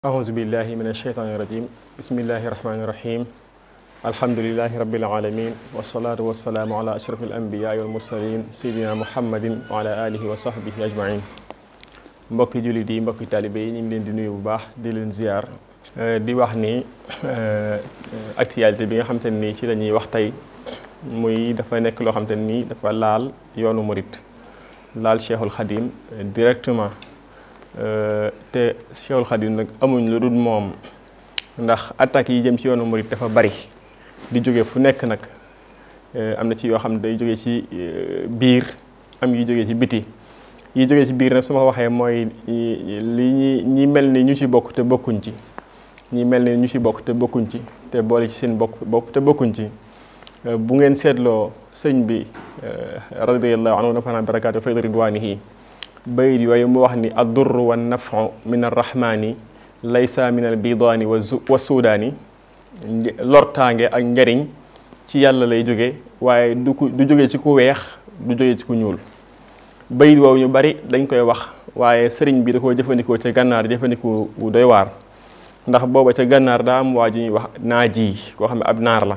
أعوذ بالله من الشيطان الرجيم بسم الله الرحمن الرحيم الحمد لله رب العالمين والصلاة والسلام على أشرف الأنبياء والمرسلين سيدنا محمد وعلى آله وصحبه أجمعين mbokki jullit yi mbokki taalibe yi ñu ngi leen di nuyu bu baax di leen ziar di wax ni eh, actualité bi nga xam te nii ci la ñuy wax tey muy dafa nekk loo xam te nii dafa laal yoonu murit laal Cheikhul Khadim directement Euh, te Cheikhul Khadim nag amuñ lu dul moom ndax attaques yi jëm ci yoonu murit dafa bari di jóge fu nekk nag euh, am na ci yoo xam ne day jóge ci euh, biir am yu jóge ci biti yi jóge ci biir nag su ma waxee mooy li ñi ñi mel ni ñu ci bokk te bokkuñ ci ñi mel ni ñu ci bokk te bokkuñ ci te boole ci seen bokk bokk te bokkuñ ci bu ngeen seetloo sëñ bi a radiyallahu anhu nafanaa barakaatu fayda ridwaanihi bayit yooyu mu wax ni addurru wa nafu min arrahmaani laysa min albidaani wa suudaani lortaange ak njariñ ci yàlla lay jóge waaye du ku du jóge ci ku weex du jóge ci ku ñuul bayit woowu ñu bari dañ koy wax waaye sëriñ bi da koo jëfandikoo ca gànnaar jëfandikoo wu doy waar ndax booba ca gànnaar daa am waa ju ñuy wax naaj yi koo xam ne ab naar la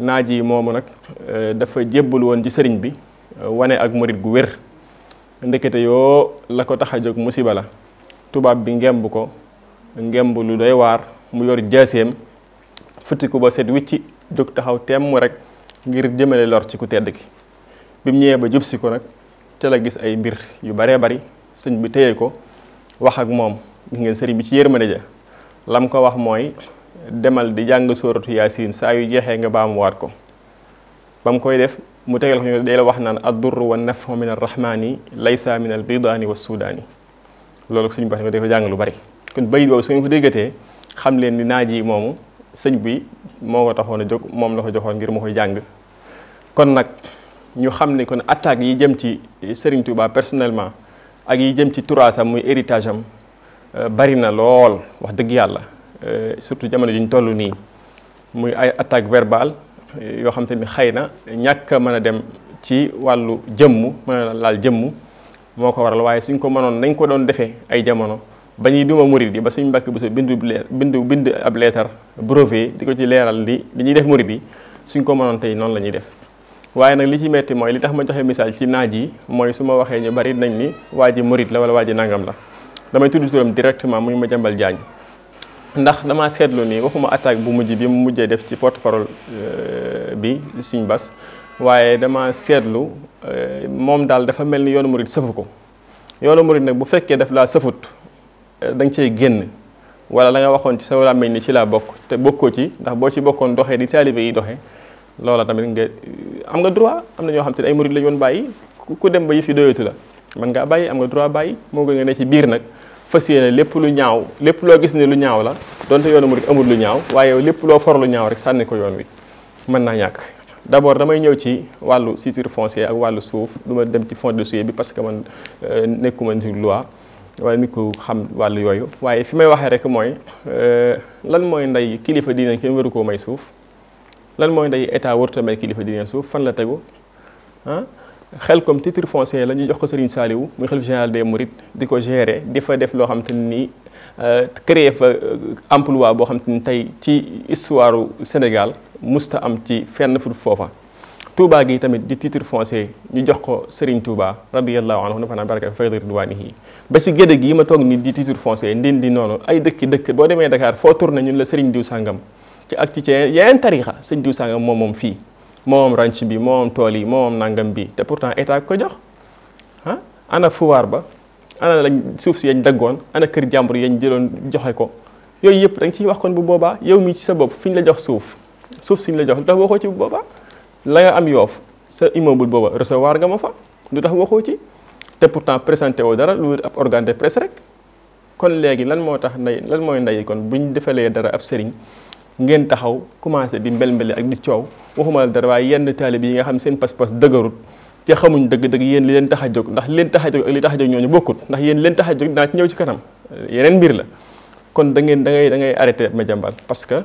naaj yi moomu nag eh, dafa jébbal woon ci sëriñ bi eh, wane ak murit gu wér ndekete yoo la ko tax a jóg musiba la tubaab bi ngemb ko ngemb lu day waar mu yor jaaseem futtiku ba set wicci jóg taxaw temm rek ngir jëmale lor ci ku tedd ki bi mu ñëwee ba jub si ko nag ca la gis ay mbir yu baree bari sëñ bi téye ko wax ak moom gis ngeen sëriñ bi ci yërmande ja lam ko wax mooy demal di jàng sóoratu yaasin saa yu jeexee nga baamuwaat ko ba koy def mu tegal ko ñu day la wax naan addurru wa nafu min arrahmani laysa min albidaani wa sudaani loolu suñu baax day ko jàng bari kon bayit boobu su ko déggatee xam leen ni naaj yi moomu sëñ bi moo ko taxoon a jóg moom la ko joxoon ngir mu koy jàng kon nag ñu xam ne kon attaques yi jëm ci Serigne Touba personnellement ak yi jëm ci turaasam muy héritage am euh, bari na lool wax dëgg yàlla euh, surtout jamono ji ñu toll nii muy ay attaque verbale yoo xam te ni xay na ñàkk a mën a dem ci wàllu jëmm mën a laal jëmm moo ko waral waaye suñ ko mënoon nañ ko doon defee ay jamono ba ñuy duma murid yi ba suñ mbàkk bésa bindu bindu bind ab leetar brevet di ko ci leeral li li ñuy def murid yi suñ ko mënoon tey noonu la ñuy def waaye nag li ci metti mooy li tax ma joxe misaal ci naaj yi mooy su ma waxee ñu bari nañ ni waa ji morit la wala waa ji nangam la damay tudd turam directement muñu ma jàmbal jaañ ndax damaa seetlu ni waxuma attaque bu mujj bi mu mujjee def ci porte parole euh, bi suñ bas waaye dama seetlu euh, moom daal dafa mel ni yoonu murit sëfu ko yoonu murit nag bu fekkee daf laa sëfut euh, da nga génn wala la nga waxoon ci sa làmmiñ ni ci laa bokk te bokkoo ci ndax boo ci bokkoon doxee di taalibe yi doxee loola tamit nga am nga droit am na ñoo xam te ne ay murit lañ woon bàyyi ku dem ba yëf fi doyatu la mën ngaa bàyyi am nga droit bàyyi moo gën nga ne ci biir nag fas yéene lépp lu ñaaw lépp loo gis ne lu ñaaw la donte yoonu murid amul lu ñaaw waaye lépp loo for lu ñaaw rek sànni ko yoon wi mën naa ñàkk d'abord damay ñëw ci wàllu titre foncier ak wàllu suuf du ma dem ci fond de suie bi parce que man euh, nekkuma ci loi wala nit ku xam wàllu yooyu waaye fi may waxee rek mooy euh, lan mooy ndey kilifa diine kenn waru koo may suuf lan mooy ndey état warut a may kilifa diine suuf fan la tegu xel comme titre foncé la ñu jox ko Serigne Saliou muy xalif général des Mourides di ko gérer di fa def loo xam te ni euh, créer fa euh, emploi boo xam te ni tey ci histoire Sénégal musta am ci fenn fu foofa. Touba gi tamit di titre foncé ñu jox ko Serigne Touba radiyallahu anhu nafa naa baraka fayda ridwanihi ba si gédé gi ma toog ni di foncé foncier ndindi noonu ay dëkk dëkk boo demee Dakar foo tourné ñu la Serigne diw sàngam ci ak ci yeneen tarixa Serigne diw sàngam moom moom fii. moom ranch bi moom tool yi moom nangam bi te pourtant état ko jox ah ana fuwaar ba ana lañ suuf si yañ daggoon ana kër jàmbur yañ jëloon joxe ko yooyu yëpp da nga ciy wax kon bu boobaa yow mi ci sa bopp fi ñu la jox suuf suuf si ñu la jox lu tax waxoo ci bu boobaa la nga am yoof sa immeuble booba recevoir nga ma fa lu tax waxoo ci te pourtant présenté woo dara lu ab organe de presse rek kon léegi lan moo tax ndey lan mooy ndey kon bu ñu defalee dara ab sëriñ ngeen taxaw commencé di mbel-mbeli ak di coow waxuma dara waaye yenn taalib yi nga xam seen pas-pas dëgërut te xamuñ dëgg-dëgg yéen li leen tax a jóg ndax leen tax a ak li tax a jóg ñooñu bokkut ndax yéen leen tax a jóg dinaa ci ñëw ci kanam yeneen mbir la kon da ngeen da ngay da ngay arrêté Madiambal parce que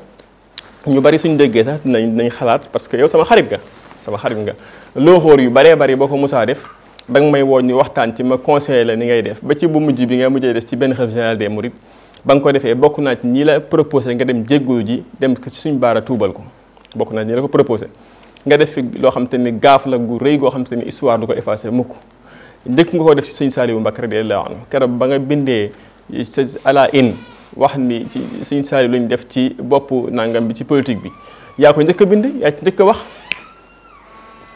ñu bari suñ déggee sax nañ dinañ xalaat parce que yow sama xarit nga sama xarit nga loo xóor yu baree bari boo ko musaa def danga may woo ñu waxtaan ci ma conseillé la ni ngay def ba ci bu mujj bi nga mujjee def ci benn xalifa général ba nga ko defee bokk naa ci ñi la proposé nga dem jéggulu ji dem ci suñ baara tuubal ko bokk naa ci ñi la ko proposé nga def fi loo xam ni gaaf la gu rëy goo xam ni histoire du ko effacé mukk njëkk nga ko def ci sëñ Saaliwu Mbàkke radiyallaahu anhu keroog ba nga bindee sa ala in wax ni ci sëñ Saaliwu lu def ci bopp nangam bi ci politique bi yaa ko njëkk a bind yaa njëkk a wax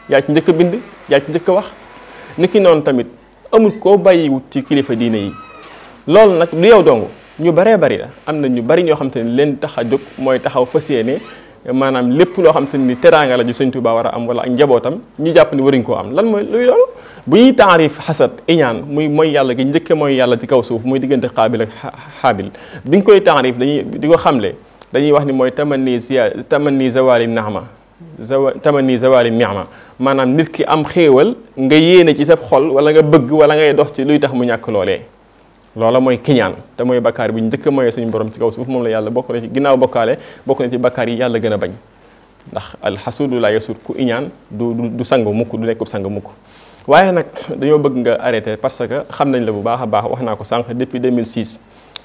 yaa njëkk bind yaa njëkk a wax niki noonu tamit amul koo bàyyiwut ci kilifa diine yi loolu nag du yow dong ñu bëree bari la am na ñu bari ñoo xam te ne leen tax a jóg mooy taxaw fas yéene maanaam lépp loo xam te ni teraanga la ju sëñ Tuubaa war a am wala ak njabootam ñu jàpp ni waruñ koo am lan mooy bu ñuy taarif xasad iñaan muy mooy yàlla gi njëkke mooy yàlla ci kaw suuf muy diggante xaabil ak xaabil bi ñu koy taarif dañuy di ko xamle dañuy wax ni mooy tamanni ziya tamanni zawali naama zawa tamanni zawali niama maanaam nit ki am xéewal nga yéene ci sa xol wala nga bëgg wala ngay dox ci luy tax mu ñàkk loolee loola mooy kiñaan te mooy bakkaar bu njëkk a moyee suñu borom ci kaw suuf moom la yàlla bokk na ci ginnaaw bokkaale bokk na ci bakkaar yi yàlla gën a bañ ndax alxasudu la yasud ku iñaan du du sang mukk du nekkub sang mukk waaye nag dañoo bëgg nga arrêté parce que xam nañ la bu baax a baax wax naa ko sànq depuis 2006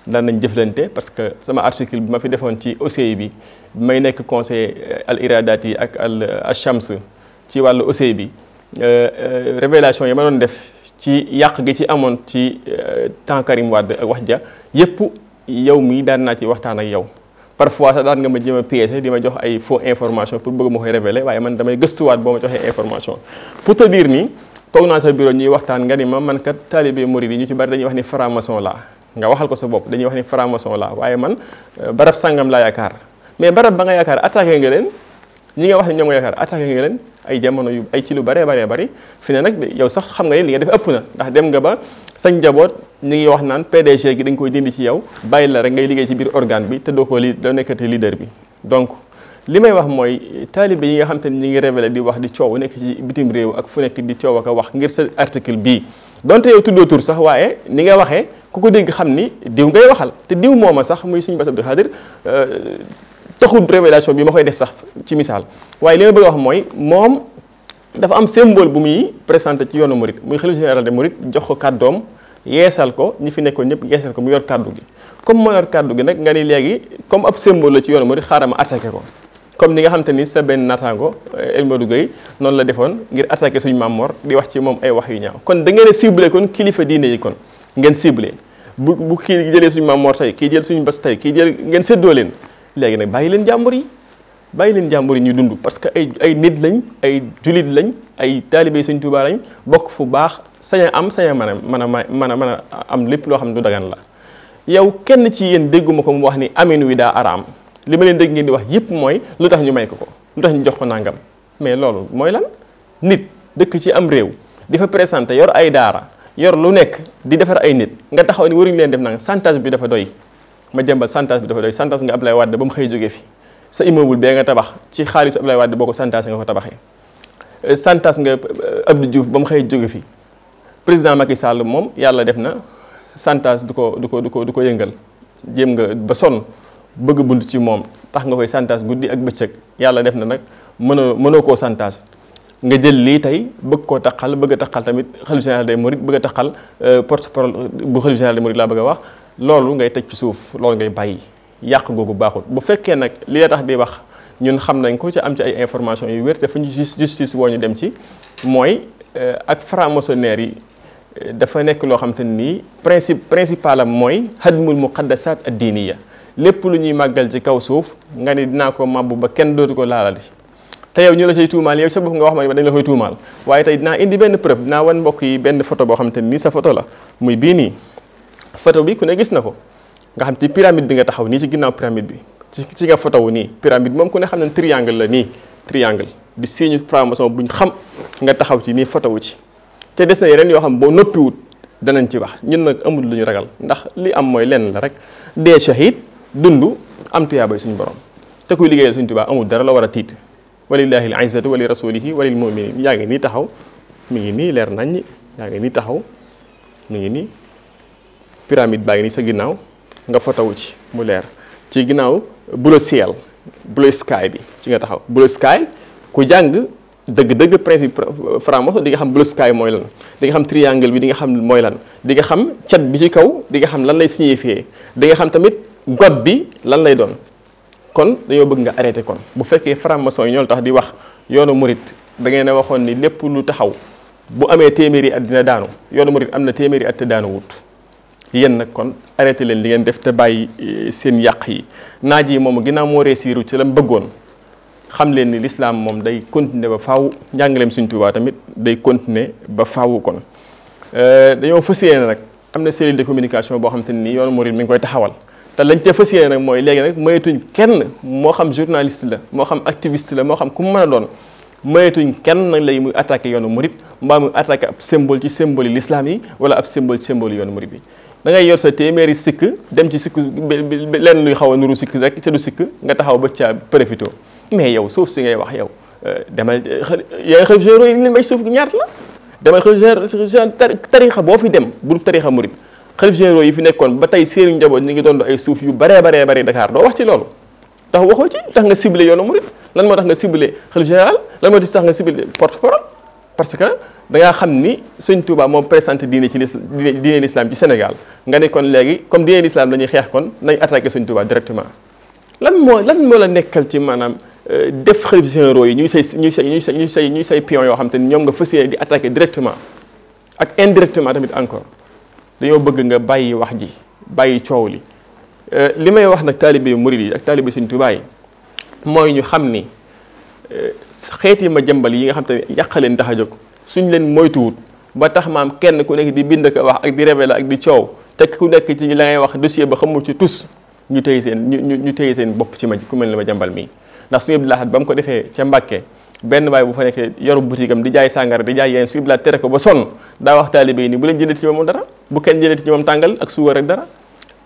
daan nañ jëflante parce que sama article bi ma fi defoon ci OCI bi may nekk conseil euh, al iradaat yi ak al euh, shams ci wàllu OCI bi euh, révélation yi ma doon def ci yàq gi ci amoon ci euh, temps Karim Wade ak wax ja yëpp yaw mii daan naa ci waxtaan ak yow parfois sax daan nga ma jéem a piéger di ma jox ay faux information pour bëgg ma koy révéler waaye man damay gëstuwaat boo ma joxee information pour te dire nii toog naa sa bureau ñuy waxtaan nga ni ma man kat taalibe murid yi ñu ci bari dañuy wax ni franc laa nga waxal ko sa bopp dañuy wax ni franc-maçon laa waaye man euh, barab sàngam laa yaakaar mais barab ba ñi nga wax ne ñoom nga yaakaar attaqué nga leen ay jamono yu ay ci lu bare bare bari fi ne nag yow sax xam nga ne li nga def ëpp na ndax dem nga ba sañ njaboot ñu ngi wax naan PDG gi dañ koy dindi ci yow bàyyi la rek ngay liggéey ci biir organ bi te doo ko li doo nekkati leader bi donc li may wax mooy taalibe yi nga xam te ne ñi ngi révélé di wax di coow nekk ci bitim réew ak fu nekk di coow ak a wax ngir sa article bi donte yow tuddoo tur sax waaye ni nga waxee ku ko dégg xam ni diw ngay waxal te diw mooma sax muy suñu Bass Abdou Khadre euh, taxul révélation bi ma koy def sax ci misaal waaye li ma bëgg a wax mooy moom dafa am symbole bu muy présenté ci yoonu Mouride muy xalifa général de Mouride jox ko kàddoom yeesal ko ñi fi nekkoon ñëpp yeesal ko mu yor kàddu gi comme moo gi nag nga ni léegi comme ab la ci yoonu Mouride xaaral ma attaqué ko comme ni nga xamante ni sa benn naataango eh, El Modou Gueye noonu la defoon ngir attaqué suñ Maam Mor di wax ci moom ay wax yu ñaaw kon da ngeen a kon kilifa diine yi kon ngeen ciblé bu bu kii jëlee suñu Maam Mor tey kii jël suñu bas tey kii jël ngeen séddoo leen léegi nag bàyyi leen jàmbur yi bàyyi leen jàmbur yi ñuy dund parce que ay ay nit lañ ay julit lañ ay taalibe Sëñ Tuubaa lañ bokk fu baax sañ a am sañ a mën a mën a mën a mën a am lépp loo xam ne du dagan la yow kenn ci yéen dégguma ko mu wax ni amin wi daa araam li ma leen dégg ngeen di wax yëpp mooy lu tax ñu may ko ko lu tax ñu jox ko nangam mais loolu mooy lan nit dëkk ci am réew di fa présenté yor ay daara yor lu nekk di defar ay nit nga taxaw ni waruñu leen def nang chantage bi dafa doy ma jëmba santas bi dafa doy santas nga Ablaye Wade ba mu xëy jógee fi sa immeuble bee nga tabax ci xaalisu Ablaye Wade boo ko santas nga ko tabaxee euh, santaas nga euh, Abdou Diouf ba mu xëyee jóge fi président Macky Sall moom yàlla def na santas du ko du ko du ko du ko yëngal jéem nga ba sonn bëgg bunt ci moom tax nga koy santas guddi ak bëccëg yàlla def na nag mënoo mënoo koo santas nga jël lii tey bëgg koo taqal bëgg taqal tamit xalifa général de mourides bëgg a taqal euh, porte parole bu xalifa général des mourides laa bëgg a wax loolu ngay teg ci suuf loolu ngay bàyyi yàq googu baaxul bu fekkee nag li la tax di wax ñun xam nañ ko ci am ci ay information yu wér fu ñu justice woo ñu dem ci mooy euh, ak franc-maçonnerie yi euh, dafa nekk loo xam te nii principe principal am mooy hadmul muqaddasat ad-diniya lépp lu ñuy màggal ci kaw suuf nga ni dina ko màbbu ba kenn dootu ko laalati te yow ñu la cay tuumaal yow sa bopp nga wax ma ne dañ la koy tuumaal waaye tey dinaa indi benn preuve dinaa wan mbokk yi benn photo boo xam te nii sa photo la muy bii nii photo bi ku ne gis na ko nga xam ci pyramide bi nga taxaw nii ci ginnaaw pyramide bi ci ci nga photo wu nii pyramide moom ku ne xam ne triangle la nii triangle di signe franc-maçon buñ xam nga taxaw ci nii photo wu ci te des na yeneen yoo xam boo noppiwut danañ ci wax ñun nag amul lu ñu ragal ndax li am mooy lenn la rek dee shahid dund am tuyaabay suñu borom te kuy liggéeyal suñu Tuubaa amul dara la war a tiit walillahi al izzatu wali rasulihi walil muminin yaa ngi nii taxaw mi ngi nii leer naññ yaa ngi nii ngi nii pyramide baa nii sa ginnaaw nga fotowu ci mu leer ci ginnaaw bleu ciel bleu sky bi ci nga taxaw bleu sky ku jàng dëgg-dëgg principe franc-maçon di nga xam bleu sky mooy lan di nga xam triangle bi di nga xam mooy lan dinga xam cat bi ci kaw di nga xam lan lay signifier di nga xam tamit god bi lan lay doon kon dañoo bëgg nga arrêté kon bu fekkee franc-maçon yi ñoo tax di wax yoonu murit da ngeen waxoon ni lépp lu taxaw bu amee téeméeri at dina daanu yoonu murit am na téeméeri at te wut yéen nag kon arrêté leen li ngeen def te bàyyi eh, seen yàq yi naaj yi moom ginnaaw moo réussiru ci la mu bëggoon xam leen ni lislaam moom day continuer ba faw njàngaleem Sëriñ Tuubaa tamit day continuer ba faawu kon eh, dañoo fas yéene nag am na cellule communication boo xam te ni yoonu murid mi ngi koy taxawal te lañ te fas nag mooy léegi nag mayetuñ kenn moo xam journaliste la moo xam activiste la moo xam ku mu mën a doon mayetuñ kenn nag léegi muy attaqué yoonu murid mbaa muy attaqué ab symbole ci symbole yi lislaam yi wala ab symbole ci yoonu murid bi da ngay yor sa téeméeri sikk dem ci sikk lenn luy xaw a nuru sikk rek te du sikk nga taxaw ba caa profité mais yow suuf si ngay wax yow euh, demal euh, yoy xë géro yi leen may suuf ñaata la demal xë tarixa boo fi dem bu tarixa murit xalif généraux yi fi nekkoon ba tey seeni njaboot ñi ngi doon ay suuf yu baree baree baree Dakar doo wax ci loolu tax waxoo ci tax nga ciblé yoonu murit lan moo tax nga ciblé xalif général lan moo tax nga ciblé porte-parole parce que da xam ni sëñ Touba moom présenté diine ci diine diine l'islam ci Sénégal nga ne kon léegi comme diine l'islam la xeex kon nañ attaqué suñ Touba directement lan moo lan moo la nekkal ci maanaam euh, def xalif généraux yi ñuy say ñuy say ñuy say ñuy say ñuy say pion yoo xam te ni ñoom nga fas yéene di attaqué directement ak indirectement tamit encore dañoo bëgg nga bàyyi wax ji bàyyi coow li euh, li may wax nag taalibe murid yi ak taalibe sëñ Touba yi mooy ñu xam ni xeeti ma jëmbal yi nga xam te ne yàqaleen tax a jóg suñ leen moytuwut ba tax maam kenn ku nekk di bind ko wax ak di révéler ak di coow te ku nekk ci la ngay wax dossier ba xamu ci tus ñu téye seen ñu ñu téye seen bopp ci ma ku mel ne ma jëmbal mii ndax suñu Abdul Ahad ba mu ko defee ca Mbàkke benn waay bu fa nekkee yoru boutique am di jaay sàngara di jaay yeneen su Abdul Ahad tere ko ba sonn daa wax taalibe yi ni bu leen jëndati ci moom dara bu kenn jëndati ci moom tàngal ak suukar rek dara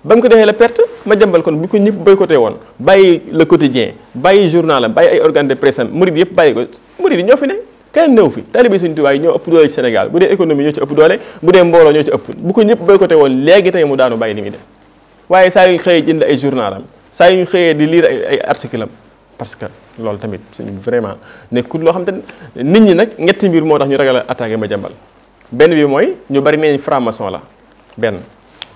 ba mu ko defee la perte ma jàmbal kon bu ko ñëpp boycotté woon bàyyi le quotidien bàyyi journal am bàyyi ay organe de presse am murid yëpp bàyyi ko murid yi ñoo fi ne kenn néew fi taalibe Sëriñ Tuubaa yi ñoo ëpp doole Sénégal bu dee économie ñoo ci ëpp doole bu dee mbooloo ñoo ci ëpp bu ko ñëpp boycotté woon léegi tey mu daanu bàyyi li muy def waaye saa yu ñu xëyee jënd ay journal am saa yu ñu xëyee di lire ay article am parce que loolu tamit suñu vraiment nekkul loo xam te nit ñi nag ñetti mbir moo tax ñu ragal a attaqué ma jàmbal benn bi mooy ñu bari neeñ franc-maçon la benn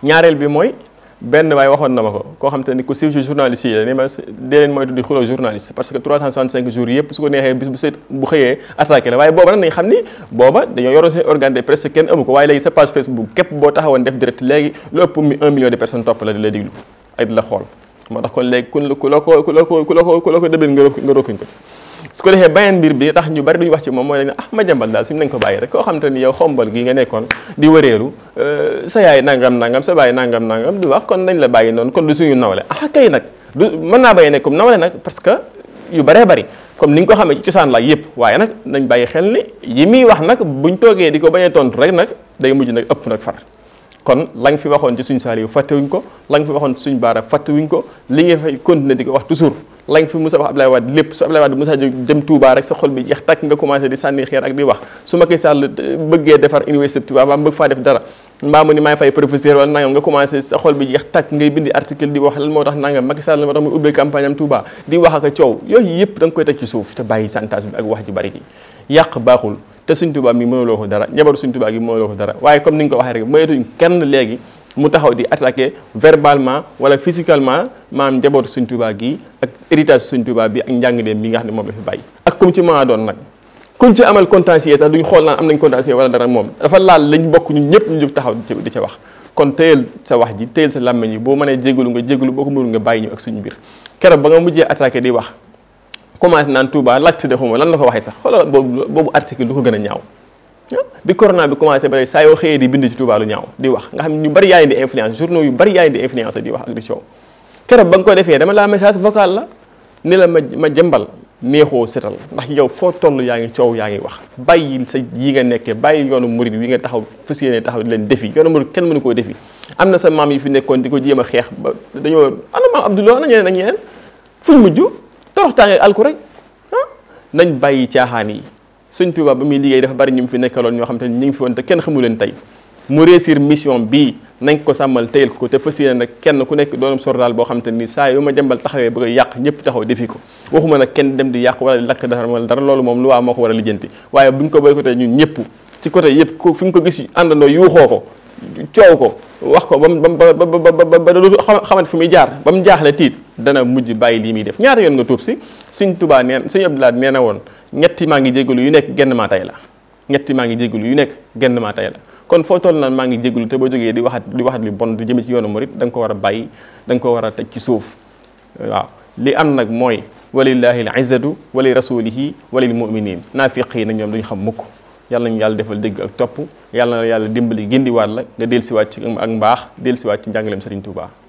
ñaareel bi mooy benn waaye waxoon na ma ko koo xam te ni ku siiw ci journaliste yi la ni ma dee leen mooy tuddi xuloo journaliste parce que 365 jours yëpp su ko neexee bu set bu xëyee attaqué la waaye booba nag nañ xam ni booba dañoo yoroon seen organe de presse kenn amu ko waaye léegi sa page Facebook képp boo taxawoon def direct léegi lu ëpp un million de personnes topp la di la déglu ay di la xool moo tax kon léegi ku la ko ku la ko ku la ko ku la su ko defee beneen mbir bi tax ñu bari duñu wax ci moom mooy lañ ne ah Madiambal daal suñu nañ ko bàyyi rek koo xam ne ni yow xombal gi nga nekkoon di wëreelu euh, sa yaay nangam nangam sa baay nangam nangam di kon nañ la bàyyi noonu kon du suñu nawle ah kay nag du naa bàyyi ne comme nawle nag parce que yu baree bari comme ni nga ko xamee ci cosaan la yëpp waaye nag nañ bàyyi xel ni yi muy wax nag buñ toogee di ko bañ a tontu rek nag day mujj nag ëpp nag far kon la nga fi waxoon ci suñ saali yu fàttewuñ ko la nga fi waxoon ci suñ baara fàttewuñ ko li nga fay continuer di ko wax toujours lañ fi Moussa wax Abdoulaye Wade lépp su Abdoulaye Wade di sànni xeer ak di wax su Macky eh, bëggee defar université Touba mbaa mu ni maay fay professeur wala nangam nga commencé sa xol bi jeex tàkk ngay bindi article di wax lan moo tax nangam Macky moo tax muy ubbee campagne am Touba di wax ak coow yooyu yëpp da nga koy teg ci suuf te bàyyi santage bi ak wax ji bari ji yàq baaxul te suñ Touba mi mënuloo ko dara njabaru suñ Touba gi mënuloo ko dara waaye mu taxaw di attaquer verbalement wala physiquement maam njaboot Sëñ Tuubaa gi ak héritage Sëñ Tuubaa bi ak njàngaleem bi nga xam ne moom la fi bàyyi. ak kum ci mën doon nag kuñ ci amal contentieux sax xool naan am nañ contentieux wala dara moom dafa laal lañ bokk ñun ñëpp ñu taxaw ca wax. kon téyel sa wax ji téyel sa làmmiñ yi boo mënee jégalu nga jégalu boo ko nga bàyyi ñu ak suñu mbir keroog ba nga mujjee attaqué di wax commencé naan Touba laajte de xuma lan la ko waxee sax xoolal boobu boobu article du ko gën a ñaaw bi corona bi commencé ba saa yoo xëyee di bind ci Touba lu ñaaw di wax nga xam ñu bari yaa ngi di influence journaux yu bari yaa ngi di influence di wax ak di coow keroog ba nga ko defee dama laa message vocal la ni la ma ma jëmbal neexoo setal ndax yow foo toll yaa ngi coow yaa ngi wax bàyyi sa yi nga nekkee bàyyi yoonu murid yi nga taxaw fas yéene taxaw leen defi yoonu murid kenn mënu koo defi am na sa maam yi fi nekkoon di ko jéem a xeex ba dañoo ana maam Abdoulaye ana ñeneen ak ñeneen fuñ mujj toroxtaange alku rek ah nañ bàyyi caaxaan yi sëñ Tuuba ba muy liggéey dafa bari ñu mu fi nekkaloon ñoo xam te ñu ngi fi woon te kenn xamu tey mu réussir mission bii nañ ko sàmmal teyal ko te fas yéene nag kenn ku nekk doonam sordaal boo xam te ni saa yu ma jëmbal taxawee a yàq ñëpp taxaw defi ko waxuma kenn dem di yàq wala di lakk dara wala dara loolu moom lu waa ko war a lijjanti waaye buñ ko boycotté ñun ñëpp ci côté yëpp ko fi ñu ko gis àndandoo yuuxoo ko ko wax ko ba mu ba ba ba dootu xamante fu muy jaar ba mu jaaxle tiit dana mujj bàyyi lii muy def ñaata yoon nga tuub si suñ Tuubaa neen Sëñ Abdou Lahad nee na woon ñetti maa ngi jégalu yu nekk genn maa tay la ñetti maa ngi jégalu yu nekk genn maa tay la kon foo toll na maa ngi jégalu te boo jógee di waxat di waxat li bon du jëme ci yoonu murit da ko war a bàyyi da ko war a teg ci suuf waaw li am nag mooy walillahi l izzatu wali rasulihi walil muminin naa yi nag ñoom duñu xam mukk yàlla nañu yàlla defal dégg ak topp yàlla na yàlla dimbali gindiwaat la nga dellusiwaat ci ak mbaax dellusiwaat ci njàngaleem Sëriñ Tuubaa